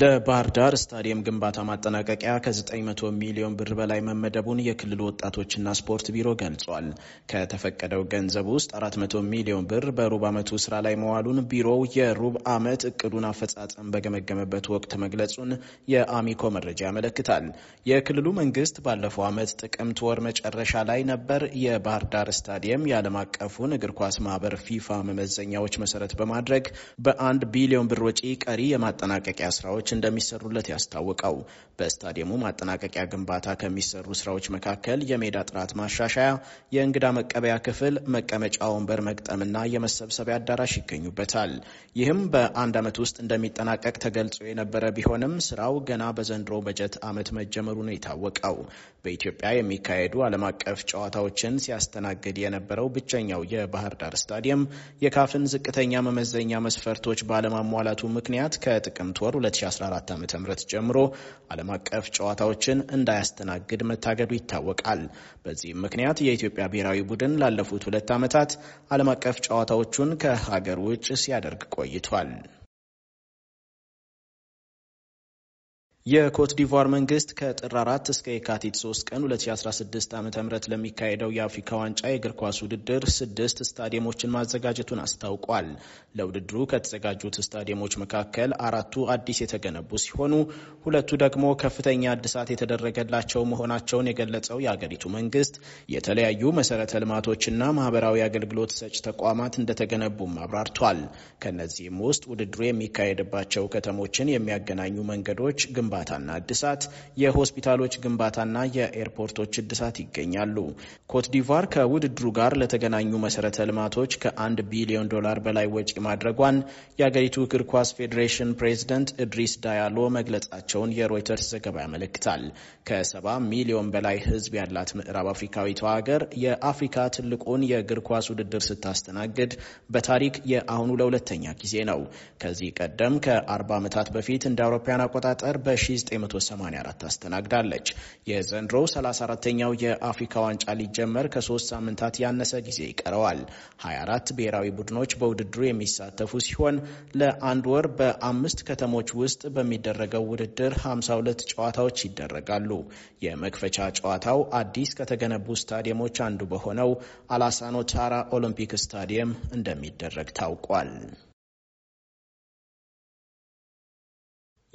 ለባህር ዳር ስታዲየም ግንባታ ማጠናቀቂያ ከ900 ሚሊዮን ብር በላይ መመደቡን የክልሉ ወጣቶችና ስፖርት ቢሮ ገልጿል። ከተፈቀደው ገንዘብ ውስጥ 400 ሚሊዮን ብር በሩብ ዓመቱ ስራ ላይ መዋሉን ቢሮው የሩብ ዓመት እቅዱን አፈጻጸም በገመገመበት ወቅት መግለጹን የአሚኮ መረጃ ያመለክታል። የክልሉ መንግስት ባለፈው ዓመት ጥቅምት ወር መጨረሻ ላይ ነበር የባህር ዳር ስታዲየም የዓለም አቀፉን እግር ኳስ ማህበር ፊፋ መመዘኛዎች መሰረት በማድረግ በአንድ ቢሊዮን ብር ወጪ ቀሪ የማጠናቀቂያ ስራዎች ስራዎች እንደሚሰሩለት ያስታወቀው በስታዲየሙ ማጠናቀቂያ ግንባታ ከሚሰሩ ስራዎች መካከል የሜዳ ጥራት ማሻሻያ፣ የእንግዳ መቀበያ ክፍል፣ መቀመጫ ወንበር መግጠምና የመሰብሰቢያ አዳራሽ ይገኙበታል። ይህም በአንድ ዓመት ውስጥ እንደሚጠናቀቅ ተገልጾ የነበረ ቢሆንም ስራው ገና በዘንድሮ በጀት ዓመት መጀመሩ ነው የታወቀው። በኢትዮጵያ የሚካሄዱ ዓለም አቀፍ ጨዋታዎችን ሲያስተናግድ የነበረው ብቸኛው የባህር ዳር ስታዲየም የካፍን ዝቅተኛ መመዘኛ መስፈርቶች ባለማሟላቱ ምክንያት ከጥቅምት ወር 2014 ዓ ም ጀምሮ ዓለም አቀፍ ጨዋታዎችን እንዳያስተናግድ መታገዱ ይታወቃል። በዚህም ምክንያት የኢትዮጵያ ብሔራዊ ቡድን ላለፉት ሁለት ዓመታት ዓለም አቀፍ ጨዋታዎቹን ከሀገር ውጭ ሲያደርግ ቆይቷል። የኮት ዲቫር መንግስት ከጥር 4 እስከ የካቲት 3 ቀን 2016 ዓ ም ለሚካሄደው የአፍሪካ ዋንጫ የእግር ኳስ ውድድር ስድስት ስታዲየሞችን ማዘጋጀቱን አስታውቋል። ለውድድሩ ከተዘጋጁት ስታዲየሞች መካከል አራቱ አዲስ የተገነቡ ሲሆኑ ሁለቱ ደግሞ ከፍተኛ እድሳት የተደረገላቸው መሆናቸውን የገለጸው የአገሪቱ መንግስት የተለያዩ መሰረተ ልማቶችና ማህበራዊ አገልግሎት ሰጭ ተቋማት እንደተገነቡም አብራርቷል። ከእነዚህም ውስጥ ውድድሩ የሚካሄድባቸው ከተሞችን የሚያገናኙ መንገዶች ግንባ ግንባታና እድሳት፣ የሆስፒታሎች ግንባታና የኤርፖርቶች እድሳት ይገኛሉ። ኮትዲቫር ከውድድሩ ጋር ለተገናኙ መሰረተ ልማቶች ከአንድ ቢሊዮን ዶላር በላይ ወጪ ማድረጓን የአገሪቱ እግር ኳስ ፌዴሬሽን ፕሬዝደንት እድሪስ ዳያሎ መግለጻቸውን የሮይተርስ ዘገባ ያመለክታል። ከሰባ ሚሊዮን በላይ ህዝብ ያላት ምዕራብ አፍሪካዊቷ ሀገር የአፍሪካ ትልቁን የእግር ኳስ ውድድር ስታስተናግድ በታሪክ የአሁኑ ለሁለተኛ ጊዜ ነው። ከዚህ ቀደም ከ40 ዓመታት በፊት እንደ አውሮፓውያን አቆጣጠር በ 1984 አስተናግዳለች። የዘንድሮው 34ተኛው የአፍሪካ ዋንጫ ሊጀመር ከሶስት ሳምንታት ያነሰ ጊዜ ይቀረዋል። 24 ብሔራዊ ቡድኖች በውድድሩ የሚሳተፉ ሲሆን ለአንድ ወር በአምስት ከተሞች ውስጥ በሚደረገው ውድድር 52 ጨዋታዎች ይደረጋሉ። የመክፈቻ ጨዋታው አዲስ ከተገነቡ ስታዲየሞች አንዱ በሆነው አላሳኖ ታራ ኦሎምፒክ ስታዲየም እንደሚደረግ ታውቋል።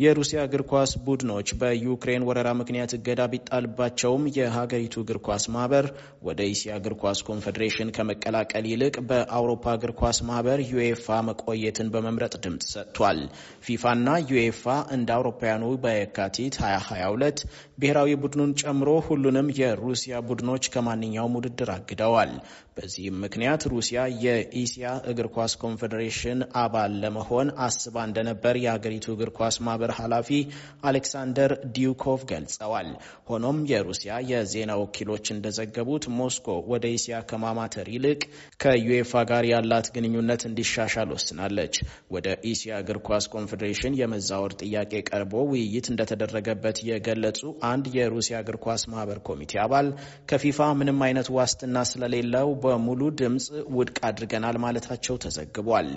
የሩሲያ እግር ኳስ ቡድኖች በዩክሬን ወረራ ምክንያት እገዳ ቢጣልባቸውም የሀገሪቱ እግር ኳስ ማህበር ወደ እስያ እግር ኳስ ኮንፌዴሬሽን ከመቀላቀል ይልቅ በአውሮፓ እግር ኳስ ማህበር ዩኤፋ መቆየትን በመምረጥ ድምፅ ሰጥቷል። ፊፋና ዩኤፋ እንደ አውሮፓውያኑ በየካቲት 2022 ብሔራዊ ቡድኑን ጨምሮ ሁሉንም የሩሲያ ቡድኖች ከማንኛውም ውድድር አግደዋል። በዚህም ምክንያት ሩሲያ የኢሲያ እግር ኳስ ኮንፌዴሬሽን አባል ለመሆን አስባ እንደነበር የአገሪቱ እግር ኳስ ማህበር ኃላፊ አሌክሳንደር ዲዩኮቭ ገልጸዋል። ሆኖም የሩሲያ የዜና ወኪሎች እንደዘገቡት ሞስኮ ወደ ኢሲያ ከማማተር ይልቅ ከዩኤፋ ጋር ያላት ግንኙነት እንዲሻሻል ወስናለች። ወደ ኢሲያ እግር ኳስ ኮንፌዴሬሽን የመዛወር ጥያቄ ቀርቦ ውይይት እንደተደረገበት የገለጹ አንድ የሩሲያ እግር ኳስ ማህበር ኮሚቴ አባል ከፊፋ ምንም አይነት ዋስትና ስለሌለው በሙሉ ድምፅ ውድቅ አድርገናል ማለታቸው ተዘግቧል።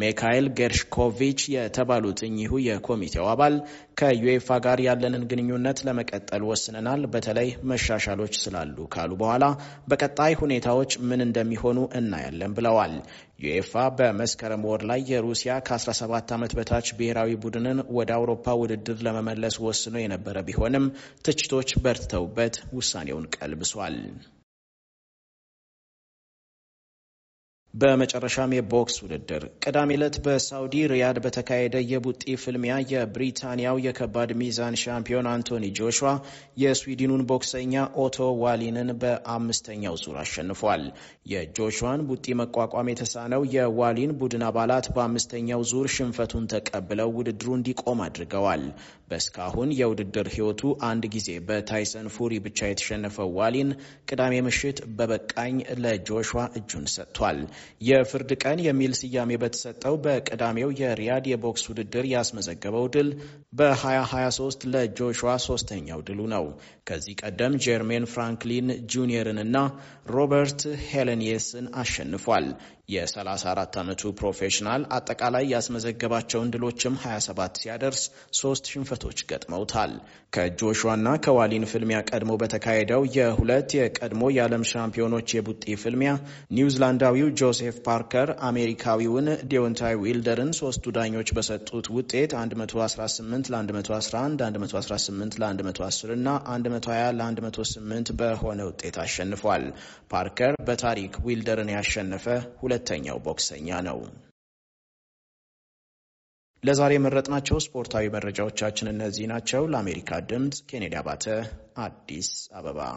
ሚካኤል ጌርሽኮቪች የተባሉት እኚሁ የኮሚቴው አባል ከዩኤፋ ጋር ያለንን ግንኙነት ለመቀጠል ወስነናል፣ በተለይ መሻሻሎች ስላሉ ካሉ በኋላ በቀጣይ ሁኔታዎች ምን እንደሚሆኑ እናያለን ብለዋል። ዩኤፋ በመስከረም ወር ላይ የሩሲያ ከ17 ዓመት በታች ብሔራዊ ቡድንን ወደ አውሮፓ ውድድር ለመመለስ ወስኖ የነበረ ቢሆንም ትችቶች በርትተውበት ውሳኔውን ቀልብሷል። በመጨረሻም የቦክስ ውድድር ቅዳሜ ዕለት በሳውዲ ሪያድ በተካሄደ የቡጢ ፍልሚያ የብሪታንያው የከባድ ሚዛን ሻምፒዮን አንቶኒ ጆሹዋ የስዊድኑን ቦክሰኛ ኦቶ ዋሊንን በአምስተኛው ዙር አሸንፏል። የጆሹዋን ቡጢ መቋቋም የተሳነው የዋሊን ቡድን አባላት በአምስተኛው ዙር ሽንፈቱን ተቀብለው ውድድሩ እንዲቆም አድርገዋል። በእስካሁን የውድድር ሕይወቱ አንድ ጊዜ በታይሰን ፉሪ ብቻ የተሸነፈው ዋሊን ቅዳሜ ምሽት በበቃኝ ለጆሹዋ እጁን ሰጥቷል። የፍርድ ቀን የሚል ስያሜ በተሰጠው በቅዳሜው የሪያድ የቦክስ ውድድር ያስመዘገበው ድል በ2023 ለጆሹዋ ሶስተኛው ድሉ ነው። ከዚህ ቀደም ጀርሜን ፍራንክሊን ጁኒየርን እና ሮበርት ሄለንየስን አሸንፏል። የ34 ዓመቱ ፕሮፌሽናል አጠቃላይ ያስመዘገባቸውን ድሎችም 27 ሲያደርስ ሶስት ሽንፈቶች ገጥመውታል። ከጆሹዋና ከዋሊን ፍልሚያ ቀድሞ በተካሄደው የሁለት የቀድሞ የዓለም ሻምፒዮኖች የቡጢ ፍልሚያ ኒውዚላንዳዊው ጆ ጆሴፍ ፓርከር አሜሪካዊውን ዴዮንታይ ዊልደርን ሶስቱ ዳኞች በሰጡት ውጤት 118 ለ111፣ 118 ለ110 እና 120 ለ108 በሆነ ውጤት አሸንፏል። ፓርከር በታሪክ ዊልደርን ያሸነፈ ሁለተኛው ቦክሰኛ ነው። ለዛሬ የመረጥናቸው ስፖርታዊ መረጃዎቻችን እነዚህ ናቸው። ለአሜሪካ ድምፅ ኬኔዲ አባተ አዲስ አበባ